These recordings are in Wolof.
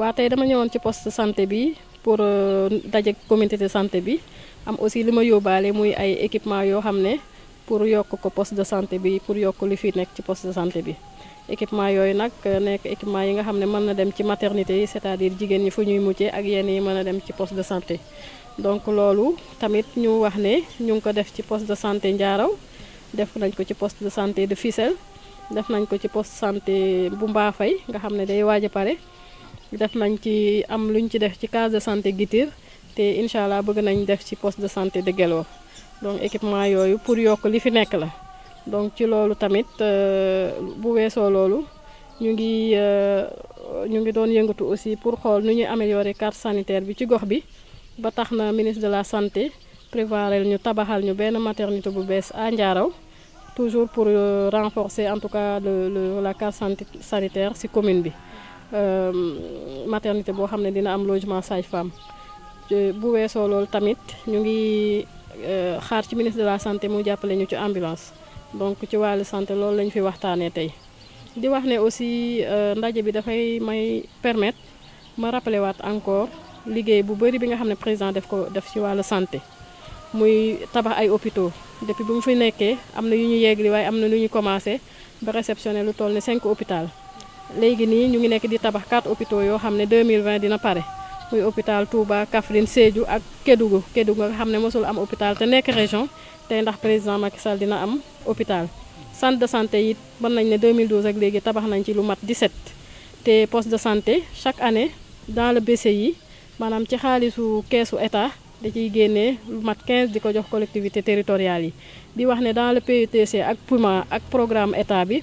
waa tey dama ñëwoon ci poste santé bi pour euh, daje comité de santé bi am aussi li ma yóbbaale muy ay équipement yoo xam ne pour yokk ko poste de santé bi pour yokk li fi nekk ci poste de santé bi équipement yooyu nag euh, nekk équipement yi nga xam ne mën na dem ci maternité yi c'est-à-dire jigéen ñi fu ñuy muccee ak yenn yi mën a dem ci poste de santé donc loolu tamit ñu wax ne ñu ngi ko def ci poste de santé Ndiaraw def nañ ko ci poste de santé de Fissel def nañ ko ci poste santé bu Mbaafay nga xam ne day waaj a pare def nañ ci am luñ ci def ci case de santé Gitir te incha allah bëgg nañ def ci poste de santé de gelo donc équipement yooyu pour yokk li fi nekk la donc ci loolu tamit euh, bu weesoo loolu ñu ngi euh, ñu ngi doon yëngatu aussi pour xool nu ñuy améliorer carte sanitaire bi ci gox bi ba tax na ministre de la santé prévoir ñu tabaxal ñu benn maternité bu bees à Ndiaraw toujours pour euh, renforcer en tout cas le la carte sanitaire ci commune bi. Euh, maternité boo xam ne dina am logement sage-femme bu weesoo loolu tamit ñu ngi euh, xaar ci ministre de la santé muy jàppale ñu ci ambulance donc ci wàllu santé loolu lañu fi waxtaanee tey di wax ne aussi euh, ndaje bi dafay may permettre ma rappeler waat encore liggéey bu bëri bi nga xam ne président def ko def ci wàllu santé muy tabax ay hôpitaux depuis bu mu fi nekkee am na yu ñu yegli waaye am na lu ñu commencé ba réceptionné lu toll ne cinq hôpital léegi nii ñu ngi nekk di tabax quatre hôpitaux yoo xam ne 2020 dina pare muy hôpital Touba Kaffrine Sédhiou ak Kédougou Kédougou nga xam ne mosul am hôpital te nekk région tey ndax président Macky Sall dina am hôpital. centre de santé yi mën nañ ne 2012 ak léegi tabax nañ ci lu mat 17 te poste de santé chaque année dans le yi maanaam ci xaalisu keesu état da ciy génne lu mat 15 di ko jox collectivité territoriale yi bi wax ne dans le PUTC ak PUMA ak programme état bi.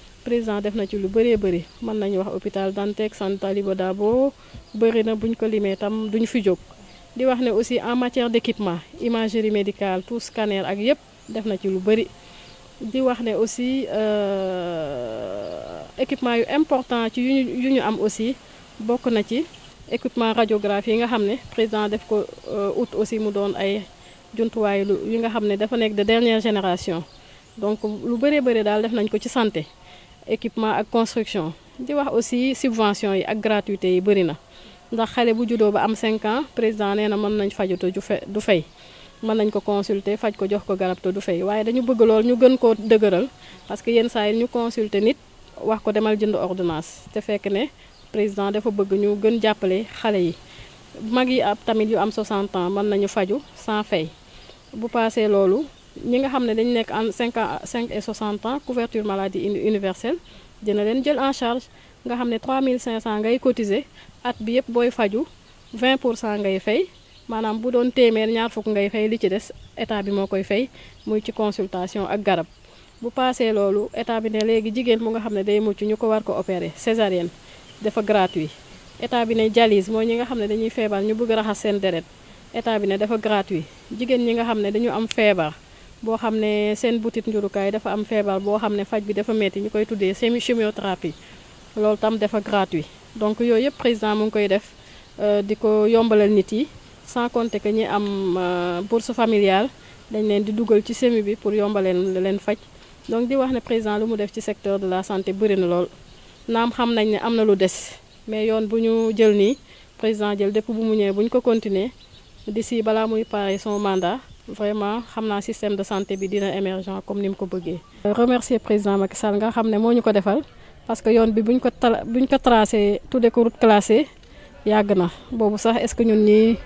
président def na ci lu bëree bëri mën nañu wax hôpital dantek San Taliba Dabo bëri na buñ ko limee tam duñ fi jóg di wax ne aussi en matière d'équipement imagerie médicale tout scanner ak yépp def na ci lu bëri di wax ne aussi euh, équipement yu important ci yu ñu am aussi bokk na ci équipement radiographie yi nga xam ne président def ko euh, out aussi mu doon ay jumtuwaay lu yi nga xam ne dafa nekk de dernière génération donc lu bëree bëri daal def nañ ko ci santé équipement ak construction di wax aussi subvention yi ak gratuité yi bëri na ndax xale bu juddoo ba am 5 ans président nee na mën nañ fajuto du fay mën nañ ko consulter faj ko jox ko garab te du fay waaye dañu bëgg lool ñu gën koo dëgëral parce que yenn saa yi ñu consulter nit wax ko demal jënd ordonnance te fekk ne président dafa bëgg ñu gën jàppale xale yi mag yi ab tamit yu am 60 ans mën nañu faju sans fay bu passé loolu ñi nga xam ne dañu nekk en 5 ans 5 et 60 ans couverture maladie universelle dina leen jël en charge nga xam ne 3500 ngay cotiser at bi yëpp booy faju 20 pour cent ngay fay maanaam bu doon téeméer ñaar fukk ngay fay li ci des état bi moo koy fay muy ci consultation ak garab bu paasee loolu état bi ne léegi jigéen mu nga xam ne day mucc ñu ko war ko opérer césarienne dafa gratuit état bi ne dialyse mooy ñi nga xam ne dañuy feebar ñu bëgg raxas seen deret état bi ne dafa gratuit jigéen ñi nga xam ne dañu am feebar boo xam ne seen butit njurukaay dafa am feebar boo xam ne faj bi dafa metti ñu koy tuddee semi chimiothérapie loolu tam dafa gratuit donc yooyu yëpp président mu ngi koy def euh, di ko yombaleel nit yi sans compter que ñi am euh, bourse familiale dañ leen di dugal ci semi bi pour yombaleen leen faj donc di wax ne président lu mu def ci secteur de la santé bëri na lool naam xam nañ ne am na lu des mais yoon bu ñu jël nii président jël dëpp bu mu ñëwee bu ñu ko continuer d'ici balaa muy pare son mandat vraiment xamna système de santé bi dina émergent comme nim ko bëggee. remercier président Macky Sall nga xamné ne ñu ko défal parce que yoon bi buñ ko tra buñ ko tracé tout ko route classée yàgg na boobu sax est-ce que ñun ñi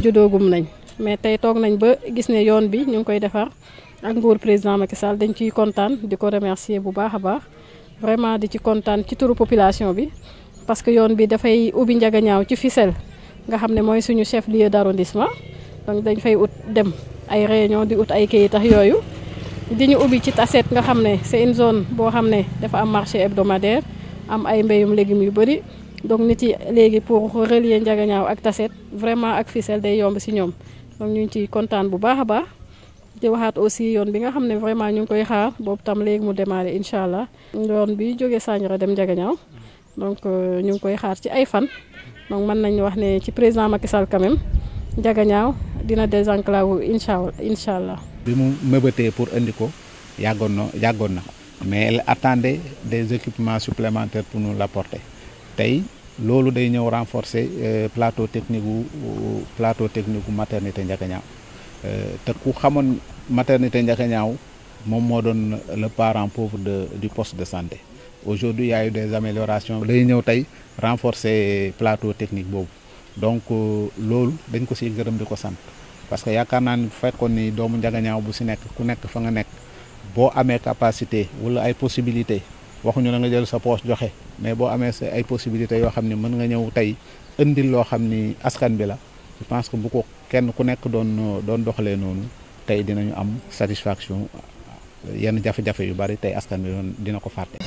judogum nañ mais tay tok nañ ba gis né yoon bi ñu koy défar ak nguur président Macky Sall dañ ciy content di ko remercier bu baaxa baax vraiment di ci content, ci turu population bi parce que yoon bi dafay ubbi njagañaaw ci Fissel nga xamné moy suñu chef lieu d'arrondissement donc dañ fay ut dem ay réunion di ut ay kayit tax yooyu di ñu ubbi ci taset nga xam ne c'est une zone boo xam ne dafa am marché hebdomadaire am ay mbéyum légumes yu bëri donc nit yi léegi pour relier ñaaw ak taset vraiment ak Fissel day yomb si ñoom donc ñu ngi ciy kontaan bu baax a baax di waxaat aussi yoon bi nga xam ne vraiment ñu ngi koy xaar boobu tam léegi mu démarré incha allah yoon bi jógee Sandiara dem Ndiaganiao donc euh, ñu ngi koy xaar ci ay fan donc mën nañu wax ne ci président Macky Sall quand même Ndiaganiao dina désenclavé inshallah inshallah allah. bi pour indi ko yàggoon mais elle attendait des équipements supplémentaires pour nous l'apporter tay lolu day renforcer euh, plateau technique plateau technique maternité Ndiaganiao euh, te ku xamone maternité Ndiaganiao moom moo doon le parent pauvre de du poste de santé aujourd'hui y a eu des améliorations day ñëw tay renforcer plateau technique bobu donc euh, loolu dañ ko siy gërëm di ko sant parce que yaakaar naa ni bu fekkoon ni doomu njagañaaw bu si nekk ku nekk fa nga nekk boo amee capacité wala ay possibilité waxuñu la nga jël sa poche joxe mais boo amee sa ay possibilité yoo xam ne mën nga ñëw tey indil loo xam ni askan bi la je pense que bu ko kenn ku nekk doon doon doxalee noonu tey dinañu am satisfaction yenn jafe-jafe yu bari tey askan bi doon dina ko fàtte.